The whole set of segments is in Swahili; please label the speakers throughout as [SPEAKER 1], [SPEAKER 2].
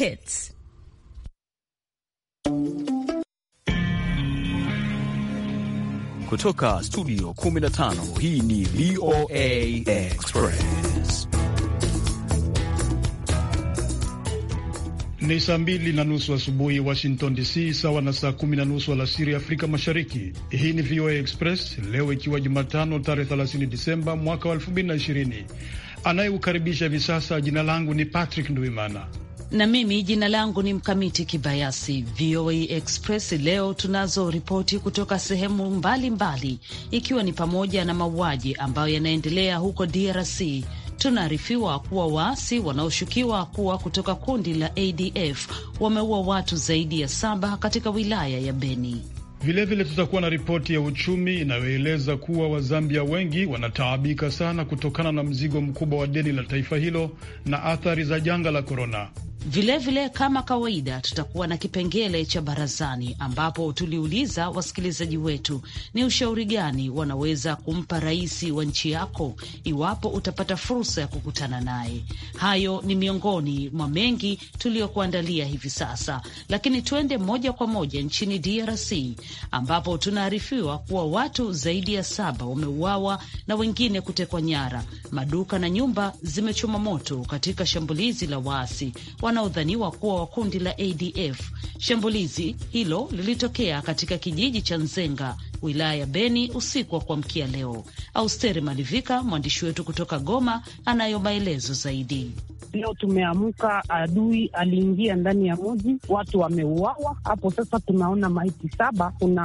[SPEAKER 1] Hits.
[SPEAKER 2] Kutoka studio 15 hii ni VOA Express.
[SPEAKER 3] Ni saa mbili na nusu asubuhi wa Washington DC, sawa na saa kumi na nusu alasiri Afrika Mashariki. Hii ni VOA Express leo ikiwa Jumatano tarehe 30 Disemba mwaka wa 2020. Anayeukaribisha hivi sasa, jina langu ni Patrick Ndwimana
[SPEAKER 1] na mimi jina langu ni Mkamiti Kibayasi. VOA Express leo tunazo ripoti kutoka sehemu mbalimbali mbali, ikiwa ni pamoja na mauaji ambayo yanaendelea huko DRC. Tunaarifiwa kuwa waasi wanaoshukiwa kuwa kutoka kundi la ADF wameua watu zaidi ya saba katika wilaya ya Beni. Vilevile
[SPEAKER 3] tutakuwa na ripoti ya uchumi inayoeleza kuwa Wazambia wengi wanataabika sana kutokana na mzigo mkubwa wa deni la taifa hilo na athari za janga la korona.
[SPEAKER 1] Vilevile vile, kama kawaida, tutakuwa na kipengele cha barazani ambapo tuliuliza wasikilizaji wetu ni ushauri gani wanaweza kumpa rais wa nchi yako iwapo utapata fursa ya kukutana naye. Hayo ni miongoni mwa mengi tuliyokuandalia hivi sasa, lakini tuende moja kwa moja nchini DRC ambapo tunaarifiwa kuwa watu zaidi ya saba wameuawa na wengine kutekwa nyara, maduka na nyumba zimechoma moto katika shambulizi la waasi wanaodhaniwa kuwa wa kundi la ADF. Shambulizi hilo lilitokea katika kijiji cha Nzenga, wilaya ya Beni, usiku wa kuamkia leo. Austeri Malivika, mwandishi wetu kutoka Goma, anayo maelezo zaidi. Leo tumeamka, adui aliingia ndani ya mji, watu wameuawa hapo. Sasa tunaona maiti saba, kuna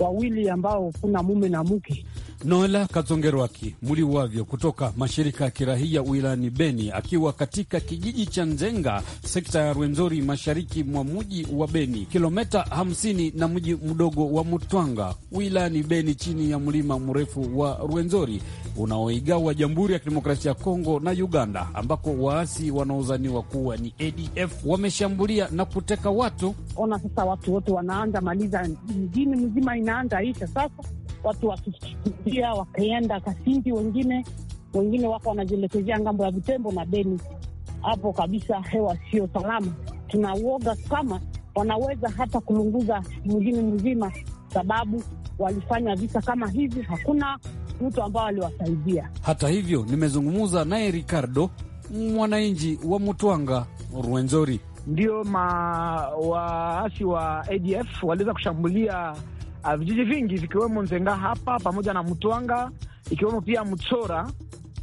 [SPEAKER 4] wawili ambao kuna mume na mke Noela kazongerwaki muliwavyo kutoka mashirika ya kirahia wilayani Beni akiwa katika kijiji cha Nzenga, sekta ya Rwenzori, mashariki mwa muji wa Beni, kilometa 50 na mji mdogo wa Mutwanga wilayani Beni, chini ya mlima mrefu wa Rwenzori unaoigawa Jamhuri ya Kidemokrasia ya Kongo na Uganda, ambako waasi wanaozaniwa kuwa ni ADF wameshambulia na kuteka watu.
[SPEAKER 1] Ona sasa watu wote wanaanza maliza mjini mzima inaanza isha sasa watu wakichukulia wakaenda Kasindi, wengine wengine wako wanajielekezea ngambo ya Vitembo na Beni. Hapo kabisa hewa sio salama, tunauoga kama wanaweza hata kulunguza mwingine mzima, sababu walifanya visa kama hivi, hakuna mtu ambao aliwasaidia.
[SPEAKER 4] Hata hivyo, nimezungumza naye Ricardo, mwananchi wa Mutwanga Rwenzori. Ndio waasi wa ADF waliweza kushambulia uh, vijiji vingi vikiwemo Nzenga hapa pamoja na Mtwanga ikiwemo pia Mchora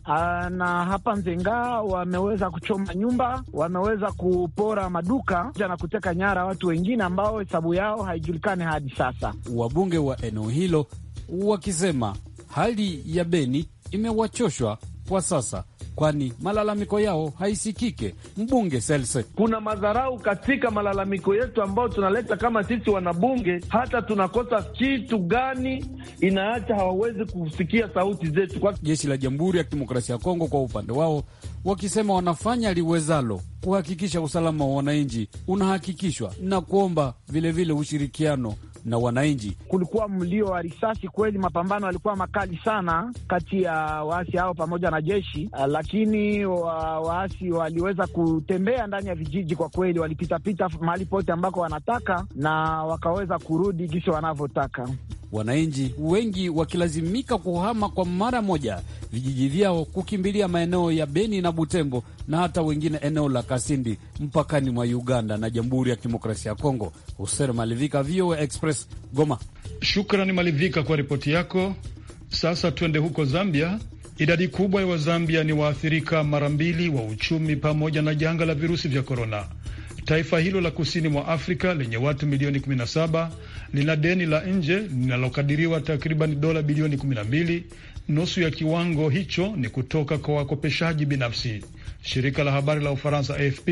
[SPEAKER 4] uh, ah, na hapa Nzenga wameweza kuchoma nyumba, wameweza kupora maduka na kuteka nyara watu wengine ambao hesabu yao haijulikani hadi sasa, wabunge wa eneo hilo wakisema hali ya Beni imewachoshwa kwa sasa kwani malalamiko yao haisikike. Mbunge Selse: kuna madharau katika malalamiko yetu ambayo tunaleta kama sisi wanabunge, hata tunakosa kitu gani inaacha hawawezi kusikia sauti zetu kwa... jeshi la Jamhuri ya Kidemokrasia ya Kongo kwa upande wao wakisema wanafanya liwezalo kuhakikisha usalama wa wananchi unahakikishwa na kuomba vilevile vile ushirikiano na wananchi. Kulikuwa mlio wa risasi kweli, mapambano yalikuwa makali sana kati ya waasi hao pamoja na jeshi, ah, lakini wa, waasi waliweza kutembea ndani ya vijiji kwa kweli, walipitapita mahali pote ambako wanataka na wakaweza kurudi gisho wanavyotaka wananchi wengi wakilazimika kuhama kwa mara moja vijiji vyao kukimbilia maeneo ya Beni na Butembo na hata wengine eneo la Kasindi mpakani mwa Uganda na Jamhuri ya Kidemokrasia ya Kongo. Hussein Malivika, VOA Express, Goma. Shukrani
[SPEAKER 3] Malivika kwa ripoti yako. Sasa twende huko Zambia. Idadi kubwa ya Wazambia ni waathirika mara mbili wa uchumi pamoja na janga la virusi vya korona. Taifa hilo la kusini mwa Afrika lenye watu milioni 17 lina deni la nje linalokadiriwa takriban dola bilioni 12. Nusu ya kiwango hicho ni kutoka kwa wakopeshaji binafsi. Shirika la habari la Ufaransa AFP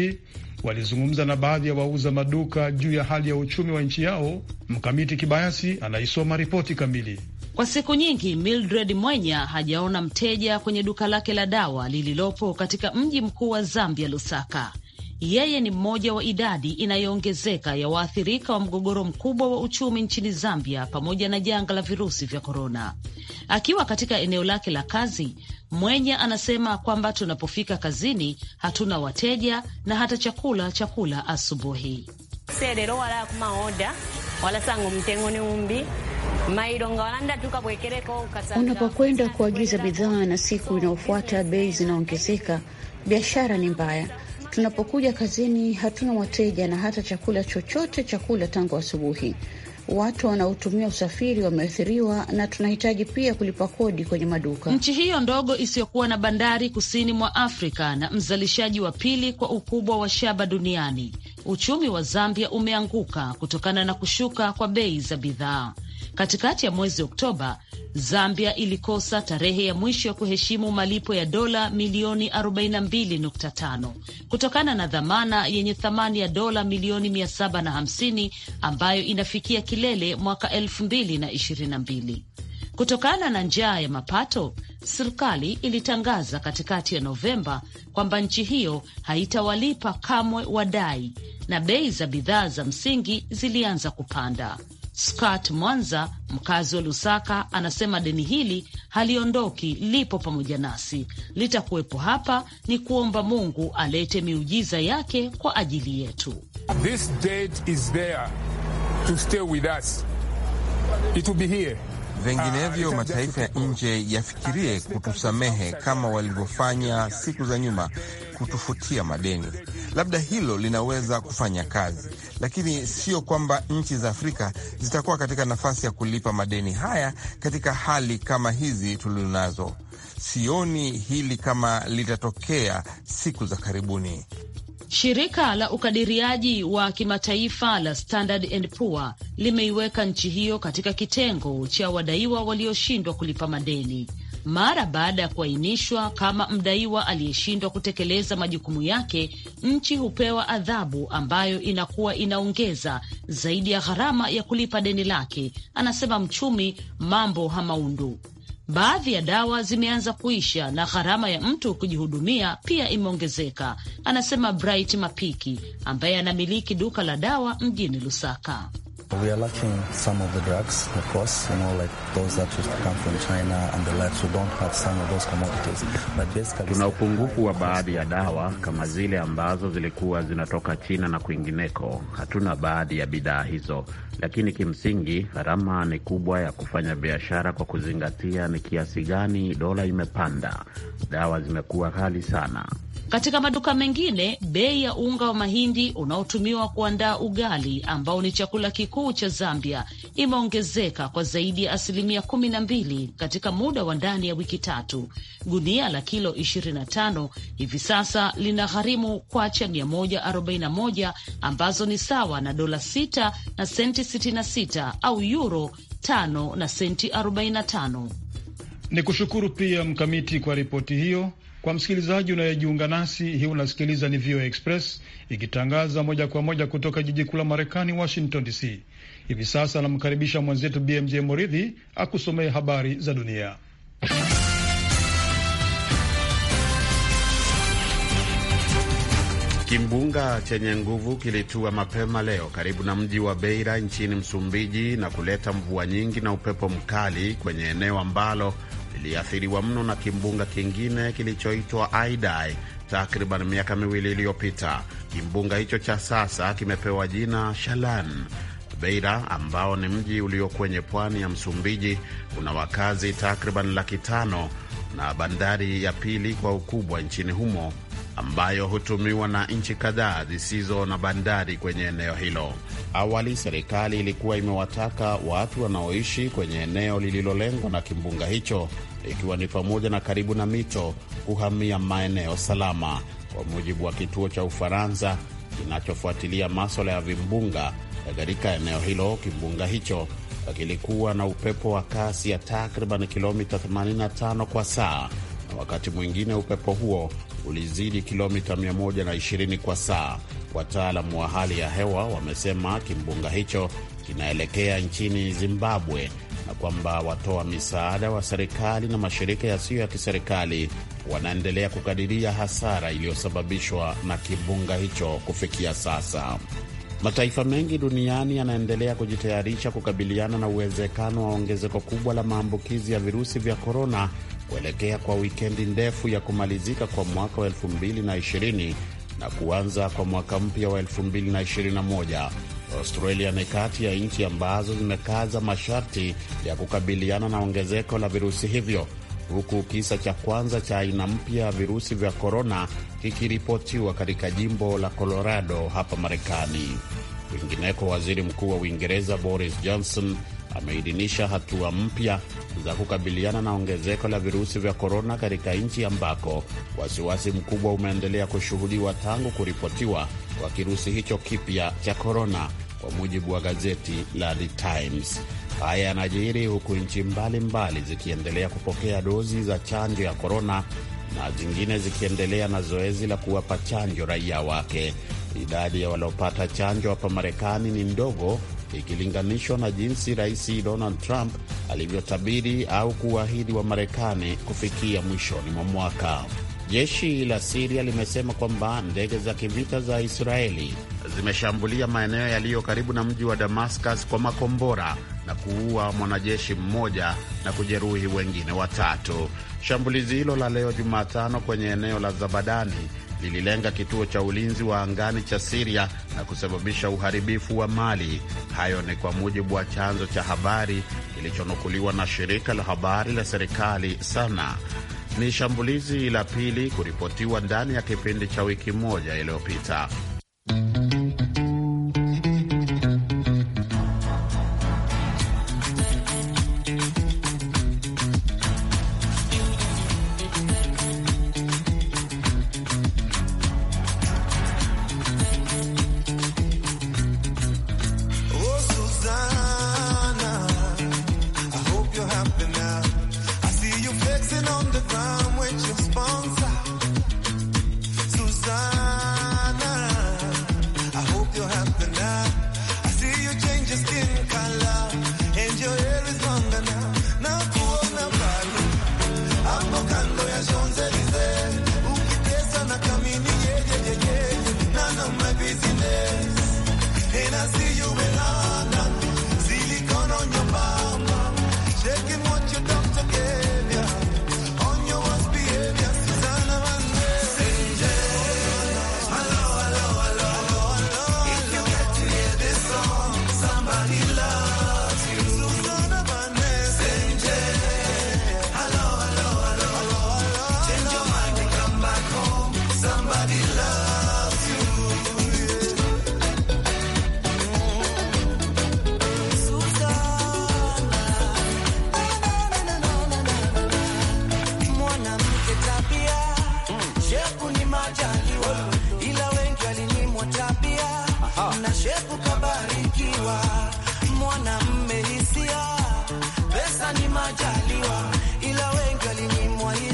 [SPEAKER 3] walizungumza na baadhi ya wauza maduka juu ya hali ya uchumi wa nchi yao. Mkamiti Kibayasi anaisoma ripoti kamili.
[SPEAKER 1] Kwa siku nyingi Mildred Mwenya hajaona mteja kwenye duka lake la dawa lililopo katika mji mkuu wa Zambia, Lusaka. Yeye ni mmoja wa idadi inayoongezeka ya waathirika wa mgogoro mkubwa wa uchumi nchini Zambia pamoja na janga la virusi vya korona. Akiwa katika eneo lake la kazi, Mwenya anasema kwamba tunapofika kazini hatuna wateja na hata chakula cha kula asubuhi. Unapokwenda kuagiza bidhaa na siku inayofuata bei zinaongezeka, biashara ni mbaya tunapokuja kazini hatuna wateja na hata chakula chochote chakula tangu asubuhi. Watu wanaotumia usafiri wameathiriwa, na tunahitaji pia kulipa kodi kwenye maduka. Nchi hiyo ndogo isiyokuwa na bandari kusini mwa Afrika na mzalishaji wa pili kwa ukubwa wa shaba duniani, uchumi wa Zambia umeanguka kutokana na kushuka kwa bei za bidhaa. Katikati ya mwezi Oktoba, Zambia ilikosa tarehe ya mwisho ya kuheshimu malipo ya dola milioni 42.5 kutokana na dhamana yenye thamani ya dola milioni 750 ambayo inafikia kilele mwaka 2022. Kutokana na njaa ya mapato, serikali ilitangaza katikati ya Novemba kwamba nchi hiyo haitawalipa kamwe wadai na bei za bidhaa za msingi zilianza kupanda. Scott Mwanza, mkazi wa Lusaka, anasema deni hili haliondoki, lipo pamoja nasi, litakuwepo hapa. Ni kuomba Mungu alete miujiza yake kwa ajili yetu.
[SPEAKER 3] This is there to stay with us. It will be here. Vinginevyo ah, mataifa ya nje yafikirie ah, kutusamehe kama walivyofanya siku za nyuma, kutufutia madeni. Labda hilo linaweza kufanya kazi lakini sio kwamba nchi za Afrika zitakuwa katika nafasi ya kulipa madeni haya katika hali kama hizi tulizonazo. Sioni hili kama litatokea siku za karibuni.
[SPEAKER 1] Shirika la ukadiriaji wa kimataifa la Standard and Poor limeiweka nchi hiyo katika kitengo cha wadaiwa walioshindwa kulipa madeni mara baada ya kuainishwa kama mdaiwa aliyeshindwa kutekeleza majukumu yake, nchi hupewa adhabu ambayo inakuwa inaongeza zaidi ya gharama ya kulipa deni lake, anasema mchumi Mambo Hamaundu. Baadhi ya dawa zimeanza kuisha na gharama ya mtu kujihudumia pia imeongezeka, anasema Bright Mapiki ambaye anamiliki duka la dawa mjini Lusaka.
[SPEAKER 5] Tuna
[SPEAKER 6] upungufu wa baadhi ya dawa kama zile ambazo zilikuwa zinatoka China na kwingineko. Hatuna baadhi ya bidhaa hizo, lakini kimsingi gharama ni kubwa ya kufanya biashara kwa kuzingatia ni kiasi gani dola imepanda. Dawa zimekuwa ghali sana.
[SPEAKER 1] Katika maduka mengine, bei ya unga wa mahindi unaotumiwa kuandaa ugali ambao ni chakula kikuu cha Zambia imeongezeka kwa zaidi ya asilimia kumi na mbili katika muda wa ndani ya wiki tatu. Gunia la kilo 25 hivi sasa lina gharimu kwacha 141 ambazo ni sawa na dola 6 na senti 66 au yuro 5 na senti 45.
[SPEAKER 3] Ni kushukuru pia Mkamiti kwa ripoti hiyo. Kwa msikilizaji unayejiunga nasi, hii unasikiliza ni VOA Express ikitangaza moja kwa moja kutoka jiji kuu la Marekani, Washington DC. Hivi sasa anamkaribisha mwenzetu BMJ Moridhi akusomee habari za dunia.
[SPEAKER 6] Kimbunga chenye nguvu kilitua mapema leo karibu na mji wa Beira nchini Msumbiji na kuleta mvua nyingi na upepo mkali kwenye eneo ambalo iliathiriwa mno na kimbunga kingine kilichoitwa Idai takriban miaka miwili iliyopita. Kimbunga hicho cha sasa kimepewa jina Shalan. Beira ambao ni mji ulio kwenye pwani ya Msumbiji una wakazi takriban laki tano na bandari ya pili kwa ukubwa nchini humo ambayo hutumiwa na nchi kadhaa zisizo na bandari kwenye eneo hilo. Awali serikali ilikuwa imewataka watu wanaoishi kwenye eneo lililolengwa na kimbunga hicho, ikiwa ni pamoja na karibu na mito, kuhamia maeneo salama, kwa mujibu wa kituo cha Ufaransa kinachofuatilia maswala ya vimbunga katika eneo hilo. Kimbunga hicho kilikuwa na upepo wa kasi ya takriban kilomita 85 kwa saa Wakati mwingine upepo huo ulizidi kilomita 120 kwa saa. Wataalamu wa hali ya hewa wamesema kimbunga hicho kinaelekea nchini Zimbabwe na kwamba watoa misaada wa serikali na mashirika yasiyo ya kiserikali wanaendelea kukadiria hasara iliyosababishwa na kimbunga hicho kufikia sasa. Mataifa mengi duniani yanaendelea kujitayarisha kukabiliana na uwezekano wa ongezeko kubwa la maambukizi ya virusi vya korona kuelekea kwa wikendi ndefu ya kumalizika kwa mwaka wa 2020 na kuanza kwa mwaka mpya wa 2021. Australia ni kati ya nchi ambazo zimekaza masharti ya kukabiliana na ongezeko la virusi hivyo, huku kisa cha kwanza cha aina mpya ya virusi vya korona kikiripotiwa katika jimbo la Colorado hapa Marekani. Kwingineko, waziri mkuu wa Uingereza Boris Johnson ameidhinisha hatua mpya za kukabiliana na ongezeko la virusi vya korona katika nchi ambako wasiwasi mkubwa umeendelea kushuhudiwa tangu kuripotiwa kwa kirusi hicho kipya cha korona, kwa mujibu wa gazeti la The Times. Haya yanajiri huku nchi mbalimbali zikiendelea kupokea dozi za chanjo ya korona na zingine zikiendelea na zoezi la kuwapa chanjo raia wake. Idadi ya waliopata chanjo hapa Marekani ni ndogo ikilinganishwa na jinsi Rais Donald Trump alivyotabiri au kuwaahidi wa Marekani kufikia mwishoni mwa mwaka. Jeshi la Siria limesema kwamba ndege za kivita za Israeli zimeshambulia maeneo yaliyo karibu na mji wa Damascus kwa makombora na kuua mwanajeshi mmoja na kujeruhi wengine watatu. Shambulizi hilo la leo Jumatano kwenye eneo la Zabadani lililenga kituo cha ulinzi wa angani cha Siria na kusababisha uharibifu wa mali. Hayo ni kwa mujibu wa chanzo cha habari kilichonukuliwa na shirika la habari la serikali SANA. Ni shambulizi la pili kuripotiwa ndani ya kipindi cha wiki moja iliyopita.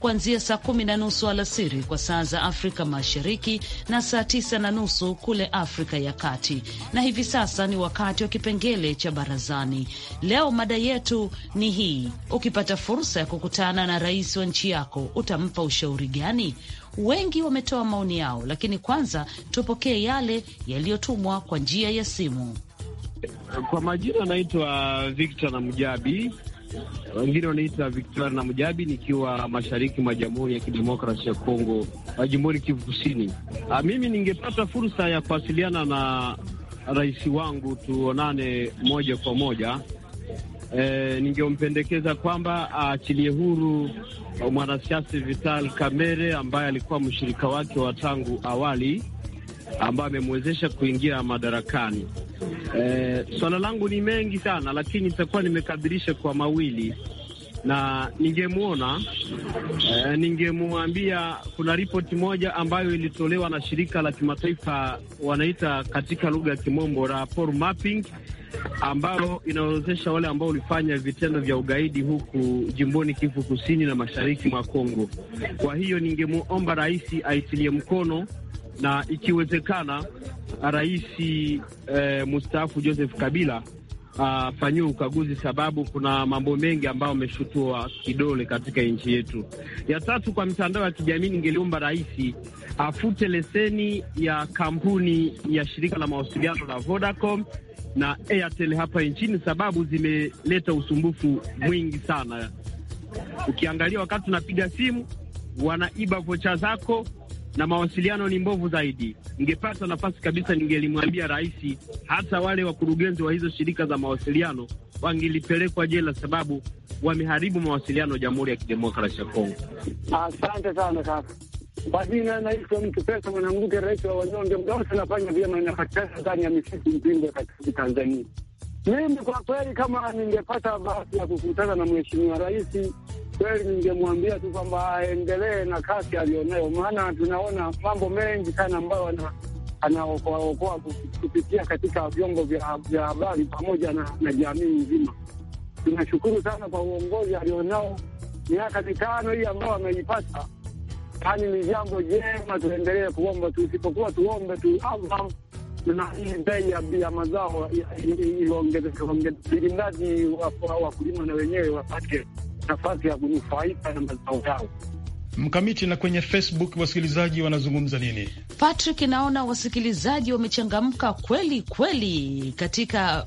[SPEAKER 1] kuanzia saa kumi na nusu alasiri kwa saa za Afrika Mashariki na saa tisa na nusu kule Afrika ya Kati. Na hivi sasa ni wakati wa kipengele cha barazani. Leo mada yetu ni hii: ukipata fursa ya kukutana na rais wa nchi yako utampa ushauri gani? Wengi wametoa maoni yao, lakini kwanza tupokee yale yaliyotumwa kwa njia ya simu.
[SPEAKER 2] Kwa majina anaitwa Victor na Mjabi wengine wanaita Victor na Mujabi, nikiwa mashariki mwa Jamhuri ya Kidemokrasi ya Kongo, jimboni Kivu Kusini. Ah, mimi ningepata fursa ya kuwasiliana na rais wangu tuonane moja kwa moja. E, ningempendekeza kwamba aachilie huru mwanasiasa Vital Kamerhe ambaye alikuwa mshirika wake wa tangu awali ambayo amemwezesha kuingia madarakani. E, swala langu ni mengi sana, lakini nitakuwa nimekadirisha kwa mawili na ningemwona e, ningemwambia kuna ripoti moja ambayo ilitolewa na shirika la kimataifa wanaita katika lugha ya kimombo rapport mapping, ambalo inaorodhesha wale ambao walifanya vitendo vya ugaidi huku jimboni Kivu Kusini na mashariki mwa Kongo. Kwa hiyo ningemwomba rais aitilie mkono na ikiwezekana rais eh, mustaafu Joseph Kabila afanyiwe uh, ukaguzi, sababu kuna mambo mengi ambayo ameshutua kidole katika nchi yetu. Ya tatu, kwa mitandao ya kijamii, ningeliomba rais afute leseni ya kampuni ya shirika la mawasiliano la Vodacom na Airtel hapa nchini, sababu zimeleta usumbufu mwingi sana. Ukiangalia wakati unapiga simu, wanaiba vocha zako na mawasiliano ni mbovu zaidi. Ningepata nafasi kabisa, ningelimwambia rais, hata wale wakurugenzi wa hizo shirika za mawasiliano wangelipelekwa jela, sababu wameharibu mawasiliano Jamhuri ya Kidemokrasi ya Kongo.
[SPEAKER 4] Asante sana kaka. Kwa jina naitwa mtu pesa mwanamke, rais wa wanyonge, Mdaosi anafanya vyema, inapatikana ndani ya misitu mpingo katika Tanzania. Mimi kwa kweli, kama ningepata bahati ya kukutana na mheshimiwa rais kweli ningemwambia tu kwamba aendelee na kasi aliyonayo, maana tunaona mambo mengi sana ambayo anaokoaokoa kupitia katika vyombo vya habari pamoja na, na jamii nzima. Tunashukuru sana kwa uongozi alionao miaka mitano hii ambayo ameipata, yani ni jambo jema. Tuendelee kuomba, tu isipokuwa tuombe tu na hii bei ya mazao iongezeke, ili mradi wakulima na wenyewe wapate nafasi ya
[SPEAKER 3] kunufaika na mazao yao. Mkamiti na kwenye Facebook wasikilizaji wanazungumza nini?
[SPEAKER 1] Patrick, naona wasikilizaji wamechangamka kweli kweli katika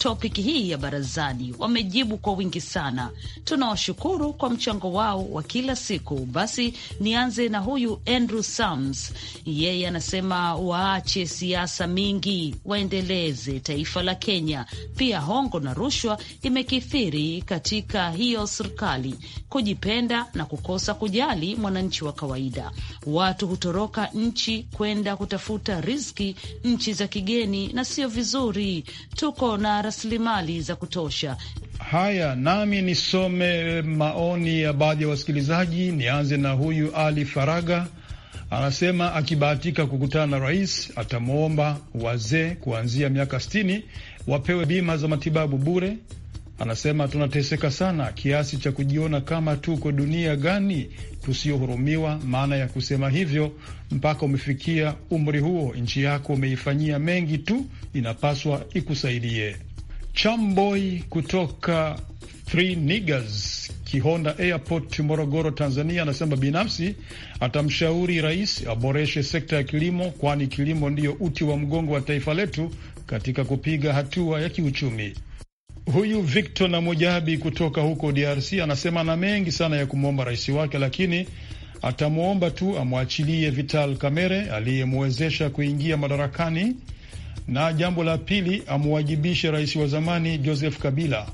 [SPEAKER 1] topic hii ya barazani, wamejibu kwa wingi sana. Tunawashukuru kwa mchango wao wa kila siku. Basi nianze na huyu Andrew Sams, yeye anasema waache siasa mingi, waendeleze taifa la Kenya. Pia hongo na rushwa imekithiri katika hiyo serikali, kujipenda na kukosa kujali mwananchi wa kawaida. Watu hutoroka nchi kwenda kutafuta riziki nchi za kigeni, na sio vizuri. Tuko na rasilimali za kutosha.
[SPEAKER 3] Haya, nami nisome maoni ya baadhi ya wasikilizaji. Nianze na huyu Ali Faraga, anasema akibahatika kukutana na rais atamwomba wazee kuanzia miaka sitini wapewe bima za matibabu bure. Anasema tunateseka sana kiasi cha kujiona kama tuko dunia gani tusiyohurumiwa. Maana ya kusema hivyo, mpaka umefikia umri huo, nchi yako umeifanyia mengi tu, inapaswa ikusaidie. Chamboy kutoka Three Niggers Kihonda Airport, Morogoro, Tanzania, anasema binafsi atamshauri rais aboreshe sekta ya kilimo, kwani kilimo ndiyo uti wa mgongo wa taifa letu katika kupiga hatua ya kiuchumi. Huyu Victor na Mujabi kutoka huko DRC anasema ana mengi sana ya kumwomba rais wake, lakini atamwomba tu amwachilie Vital Kamerhe aliyemwezesha kuingia madarakani na jambo la pili amuwajibishe
[SPEAKER 1] rais wa zamani Joseph Kabila.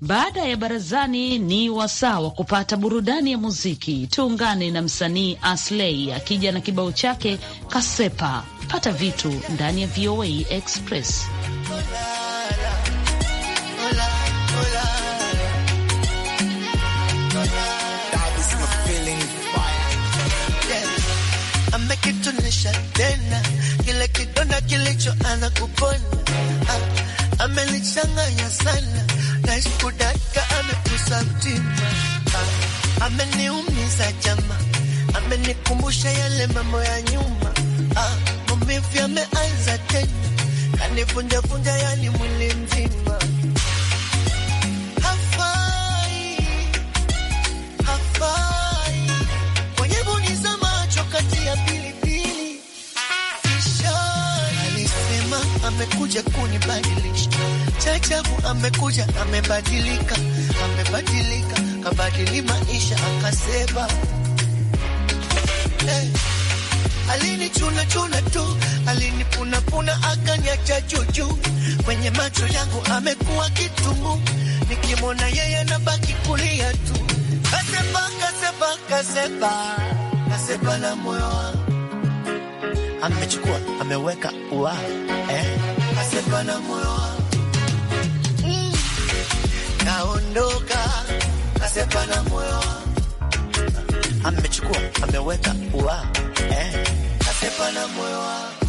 [SPEAKER 1] Baada ya barazani ni wasaa wa kupata burudani ya muziki. Tuungane na msanii Asley akija na kibao chake Kasepa. Pata vitu ndani ya VOA Express.
[SPEAKER 5] Hakuna kilicho anakupona, amelichanganya sana naishkudaka, amekusa mtima, ameniumiza jama, amenikumbusha yale mambo ya nyuma. Maumivu yameanza tena, kanivunjavunja yani mwili mzima amekuja amebadilika, amebadilika, kabadili maisha akasema hey. Eh, alini chuna chuna tu, alini puna puna, akaniacha juju kwenye macho yangu, amekuwa kitu, nikimona yeye nabaki kulia tu, kaseba kaseba kaseba kaseba na moyo wangu amechukua ameweka ua eh, kaseba na moyo ameondoka, kasepa na moyo, amechukua ameweka, uwa eh, kasepa na moyo wangu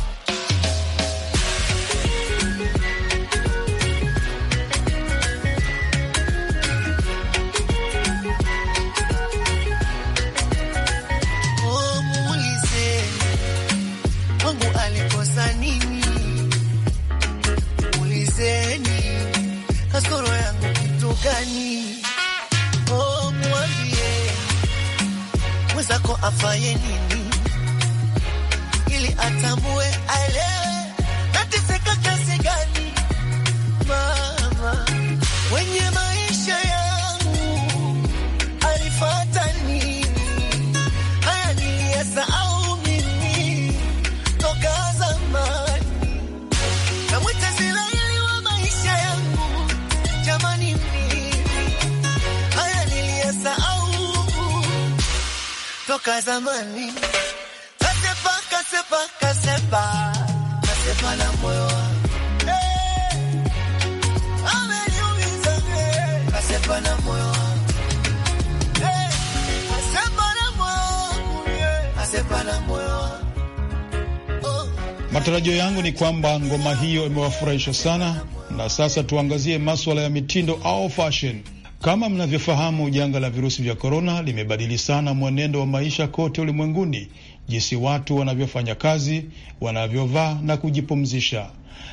[SPEAKER 3] Matarajio yangu ni kwamba ngoma hiyo imewafurahisha sana, na sasa tuangazie maswala ya mitindo au fashion. Kama mnavyofahamu, janga la virusi vya korona limebadili sana mwenendo wa maisha kote ulimwenguni, jinsi watu wanavyofanya kazi, wanavyovaa na kujipumzisha.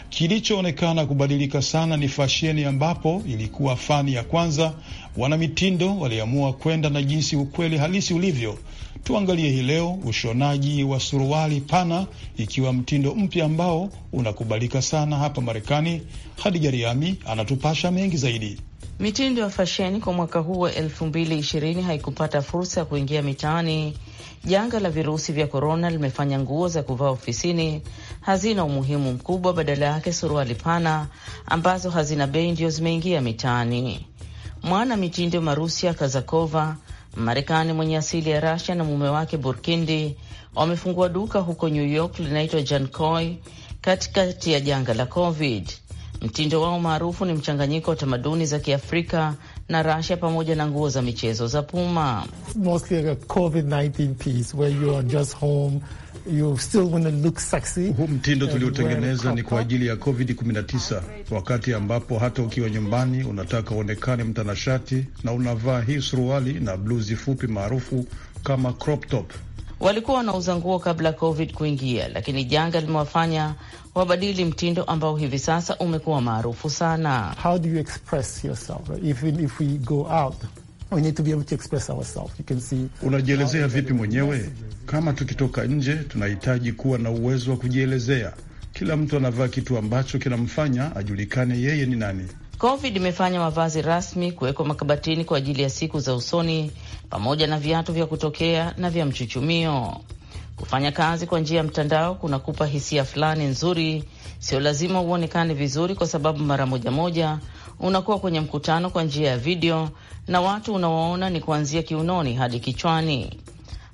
[SPEAKER 3] Kilichoonekana kubadilika sana ni fasheni, ambapo ilikuwa fani ya kwanza, wanamitindo waliamua kwenda na jinsi ukweli halisi ulivyo. Tuangalie hii leo ushonaji wa suruali pana, ikiwa mtindo mpya ambao unakubalika sana hapa Marekani. Hadija Riami anatupasha mengi zaidi.
[SPEAKER 7] Mitindo ya fasheni kwa mwaka huu wa 2020 haikupata fursa ya kuingia mitaani. Janga la virusi vya korona limefanya nguo za kuvaa ofisini hazina umuhimu mkubwa, badala yake suruali pana ambazo hazina bei ndio zimeingia mitaani. Mwana mitindo Marusia Kazakova, Marekani mwenye asili ya Rasia, na mume wake Burkindi wamefungua duka huko New York linaitwa Jancoy katikati ya janga la Covid. Mtindo wao maarufu ni mchanganyiko wa tamaduni za Kiafrika na Rasia pamoja na nguo za michezo za Puma.
[SPEAKER 3] Huu mtindo tuliotengeneza ni kwa ajili ya COVID-19, wakati ambapo hata ukiwa nyumbani unataka uonekane mtanashati na unavaa hii suruali na bluzi fupi maarufu kama crop top
[SPEAKER 7] walikuwa wanauza nguo kabla COVID kuingia, lakini janga limewafanya wabadili mtindo ambao hivi sasa umekuwa maarufu sana.
[SPEAKER 3] How do you express yourself? if we go out Unajielezea vipi mwenyewe? Kama tukitoka nje, tunahitaji kuwa na uwezo wa kujielezea. Kila mtu anavaa kitu ambacho kinamfanya ajulikane yeye ni nani.
[SPEAKER 7] Covid imefanya mavazi rasmi kuwekwa makabatini kwa ajili ya siku za usoni pamoja na viatu vya kutokea na vya mchuchumio. Kufanya kazi kwa njia ya mtandao kunakupa hisia fulani nzuri. Sio lazima uonekane vizuri, kwa sababu mara moja moja unakuwa kwenye mkutano kwa njia ya video na watu unawaona ni kuanzia kiunoni hadi kichwani.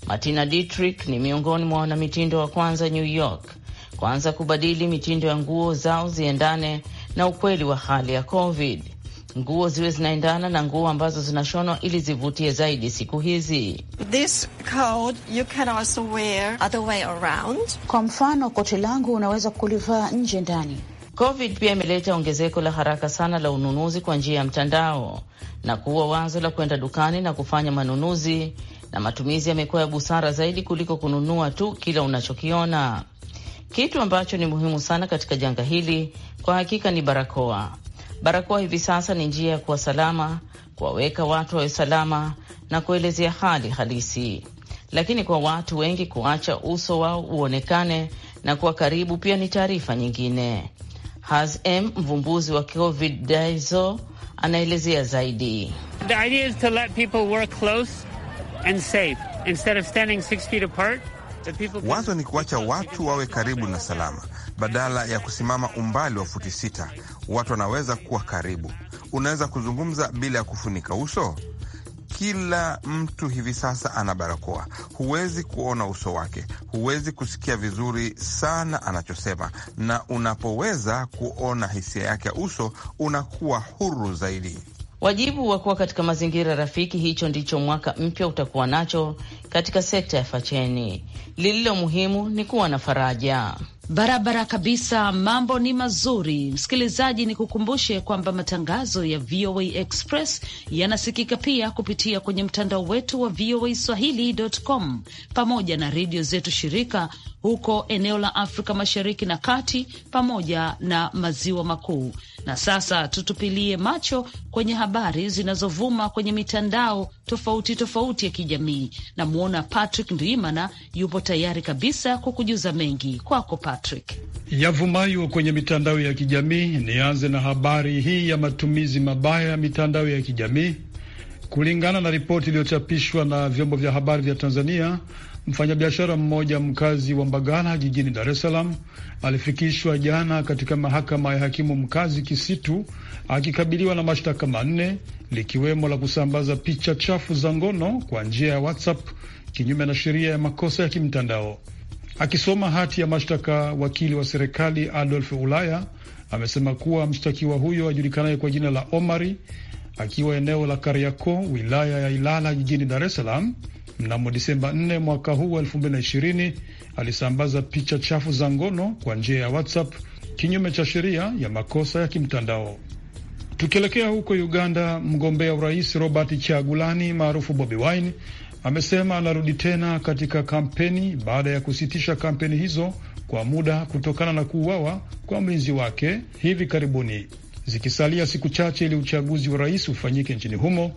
[SPEAKER 7] Martina Dietrich ni miongoni mwa wanamitindo wa kwanza New York kuanza kubadili mitindo ya nguo zao ziendane na ukweli wa hali ya COVID. Nguo ziwe zinaendana na nguo ambazo zinashonwa ili zivutie zaidi siku hizi.
[SPEAKER 1] This coat you can also wear other way around. Kwa mfano, koti langu unaweza kulivaa nje ndani.
[SPEAKER 7] COVID pia imeleta ongezeko la haraka sana la ununuzi kwa njia ya mtandao na kuwa wazo la kwenda dukani na kufanya manunuzi na matumizi yamekuwa ya busara zaidi kuliko kununua tu kila unachokiona. Kitu ambacho ni muhimu sana katika janga hili kwa hakika ni barakoa. Barakoa hivi sasa ni njia ya kuwa salama, kuwaweka watu wawe salama na kuelezea hali halisi, lakini kwa watu wengi kuacha uso wao uonekane na kuwa karibu pia ni taarifa nyingine. has M, mvumbuzi wa COVID daizo, anaelezea zaidi. The idea is to let people work close
[SPEAKER 2] and safe instead of standing six feet apart. Wazo
[SPEAKER 3] ni kuacha watu wawe karibu na salama, badala ya kusimama umbali wa futi sita. Watu wanaweza kuwa karibu, unaweza kuzungumza bila ya kufunika uso. Kila mtu hivi sasa ana barakoa, huwezi kuona uso wake, huwezi kusikia vizuri sana anachosema, na unapoweza kuona hisia yake ya uso, unakuwa huru zaidi
[SPEAKER 7] wajibu wa kuwa katika mazingira rafiki. Hicho ndicho mwaka mpya utakuwa nacho katika sekta ya facheni. Lililo muhimu ni kuwa na faraja. Barabara kabisa, mambo ni mazuri. Msikilizaji, ni kukumbushe
[SPEAKER 1] kwamba matangazo ya VOA Express yanasikika pia kupitia kwenye mtandao wetu wa VOA Swahili.com pamoja na redio zetu shirika huko eneo la Afrika Mashariki na Kati pamoja na Maziwa Makuu. Na sasa tutupilie macho kwenye habari zinazovuma kwenye mitandao tofauti tofauti ya kijamii. Namwona Patrick Ndwimana yupo tayari kabisa kwa kujuza mengi. Kwako Patrick.
[SPEAKER 3] Yavumayo kwenye mitandao ya kijamii, nianze na habari hii ya matumizi mabaya ya mitandao ya kijamii. Kulingana na ripoti iliyochapishwa na vyombo vya habari vya Tanzania, Mfanyabiashara mmoja mkazi wa Mbagala jijini Dar es Salaam alifikishwa jana katika mahakama ya hakimu mkazi Kisitu akikabiliwa na mashtaka manne likiwemo la kusambaza picha chafu za ngono kwa njia ya WhatsApp kinyume na sheria ya makosa ya kimtandao. Akisoma hati ya mashtaka, wakili wa serikali Adolf Ulaya amesema kuwa mshtakiwa huyo ajulikanaye kwa jina la Omari akiwa eneo la Kariakoo wilaya ya Ilala jijini Dar es Salaam Mnamo Disemba 4 mwaka huu wa 2020 alisambaza picha chafu za ngono kwa njia ya WhatsApp kinyume cha sheria ya makosa ya kimtandao. Tukielekea huko Uganda, mgombea urais Robert Chagulani maarufu Bobi Wine amesema anarudi tena katika kampeni baada ya kusitisha kampeni hizo kwa muda kutokana na kuuawa kwa mlinzi wake hivi karibuni, zikisalia siku chache ili uchaguzi wa rais ufanyike nchini humo.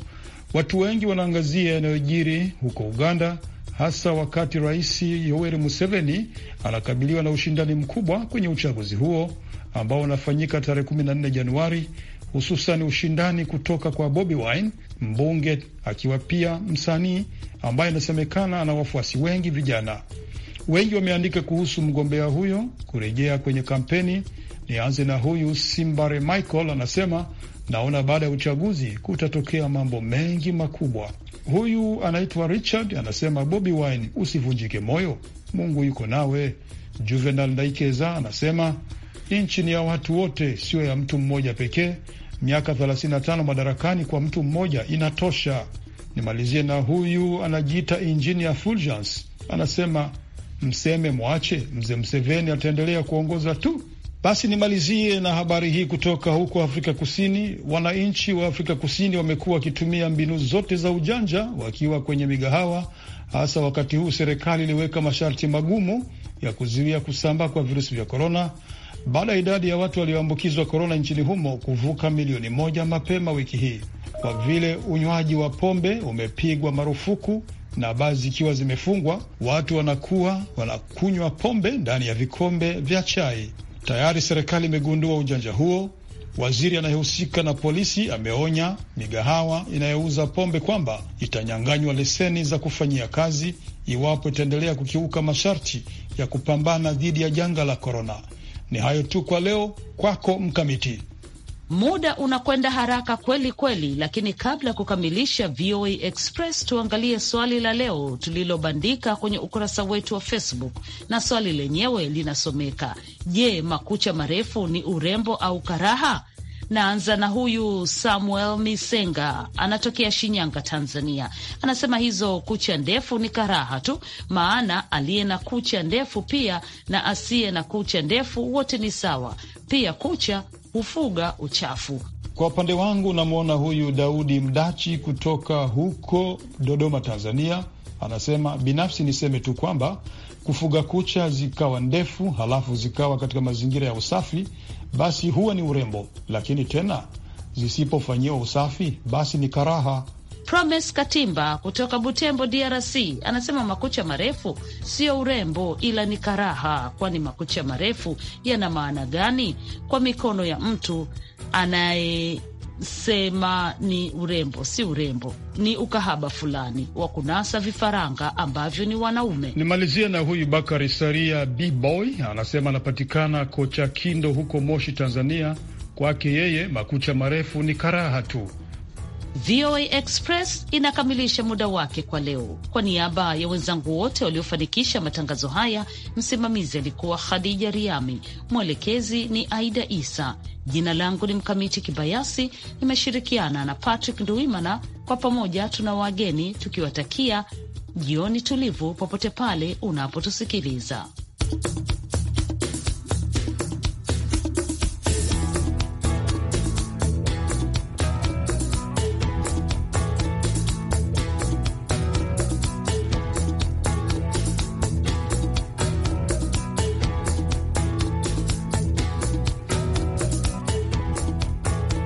[SPEAKER 3] Watu wengi wanaangazia yanayojiri huko Uganda, hasa wakati Rais Yoweri Museveni anakabiliwa na ushindani mkubwa kwenye uchaguzi huo ambao unafanyika tarehe 14 Januari, hususan ushindani kutoka kwa Bobi Wine, mbunge akiwa pia msanii ambaye anasemekana ana wafuasi wengi vijana. Wengi wameandika kuhusu mgombea huyo kurejea kwenye kampeni. Nianze na huyu Simbare Michael, anasema Naona baada ya uchaguzi kutatokea mambo mengi makubwa. Huyu anaitwa Richard anasema, Bobi Wine, usivunjike moyo, Mungu yuko nawe. Juvenal Daikeza anasema nchi ni ya watu wote, siyo ya mtu mmoja pekee. Miaka 35 madarakani kwa mtu mmoja inatosha. Nimalizie na huyu anajiita Injinia Fulgence anasema, mseme mwache, mzee Mseveni ataendelea kuongoza tu basi nimalizie na habari hii kutoka huko Afrika Kusini. Wananchi wa Afrika Kusini wamekuwa wakitumia mbinu zote za ujanja wakiwa kwenye migahawa, hasa wakati huu serikali iliweka masharti magumu ya kuzuia kusambaa kwa virusi vya korona baada ya idadi ya watu walioambukizwa korona nchini humo kuvuka milioni moja mapema wiki hii, kwa vile unywaji wa pombe umepigwa marufuku na baa zikiwa zimefungwa, watu wanakuwa wanakunywa pombe ndani ya vikombe vya chai. Tayari serikali imegundua ujanja huo. Waziri anayehusika na polisi ameonya migahawa inayouza pombe kwamba itanyang'anywa leseni za kufanyia kazi iwapo itaendelea kukiuka masharti ya kupambana dhidi ya janga la korona. Ni hayo tu kwa leo, kwako Mkamiti.
[SPEAKER 1] Muda unakwenda haraka kweli kweli, lakini kabla ya kukamilisha VOA Express, tuangalie swali la leo tulilobandika kwenye ukurasa wetu wa Facebook, na swali lenyewe linasomeka: Je, makucha marefu ni urembo au karaha? Naanza na huyu Samuel Misenga, anatokea Shinyanga, Tanzania. Anasema hizo kucha ndefu ni karaha tu, maana aliye na kucha ndefu pia na asiye na kucha ndefu wote ni sawa. Pia kucha hufuga uchafu.
[SPEAKER 3] Kwa upande wangu namwona huyu Daudi Mdachi kutoka huko Dodoma, Tanzania, anasema binafsi niseme tu kwamba kufuga kucha zikawa ndefu halafu zikawa katika mazingira ya usafi, basi huwa ni urembo, lakini tena zisipofanyiwa usafi, basi ni karaha.
[SPEAKER 1] Promise Katimba kutoka Butembo, DRC, anasema makucha marefu sio urembo, ila ni karaha. Kwani makucha marefu yana maana gani kwa mikono ya mtu anayesema ni urembo? Si urembo, ni ukahaba fulani wa kunasa vifaranga ambavyo ni wanaume.
[SPEAKER 3] Nimalizie na huyu Bakari Saria Bboy, anasema anapatikana Kocha Kindo huko Moshi, Tanzania. Kwake yeye makucha marefu ni karaha tu
[SPEAKER 1] VOA Express inakamilisha muda wake kwa leo. Kwa niaba ya wenzangu wote waliofanikisha matangazo haya, msimamizi alikuwa Khadija Riami, mwelekezi ni Aida Isa. Jina langu ni Mkamiti Kibayasi, nimeshirikiana na Patrick Nduimana. Kwa pamoja tuna wageni tukiwatakia jioni tulivu popote pale unapotusikiliza.